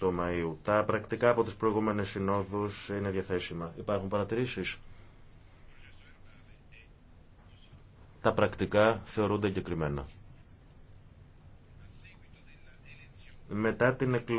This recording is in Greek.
18 Μαΐου. Τα πρακτικά από τις προηγούμενες συνόδους είναι διαθέσιμα. Υπάρχουν παρατηρήσεις. Τα πρακτικά θεωρούνται εγκεκριμένα. Μετά την εκλογή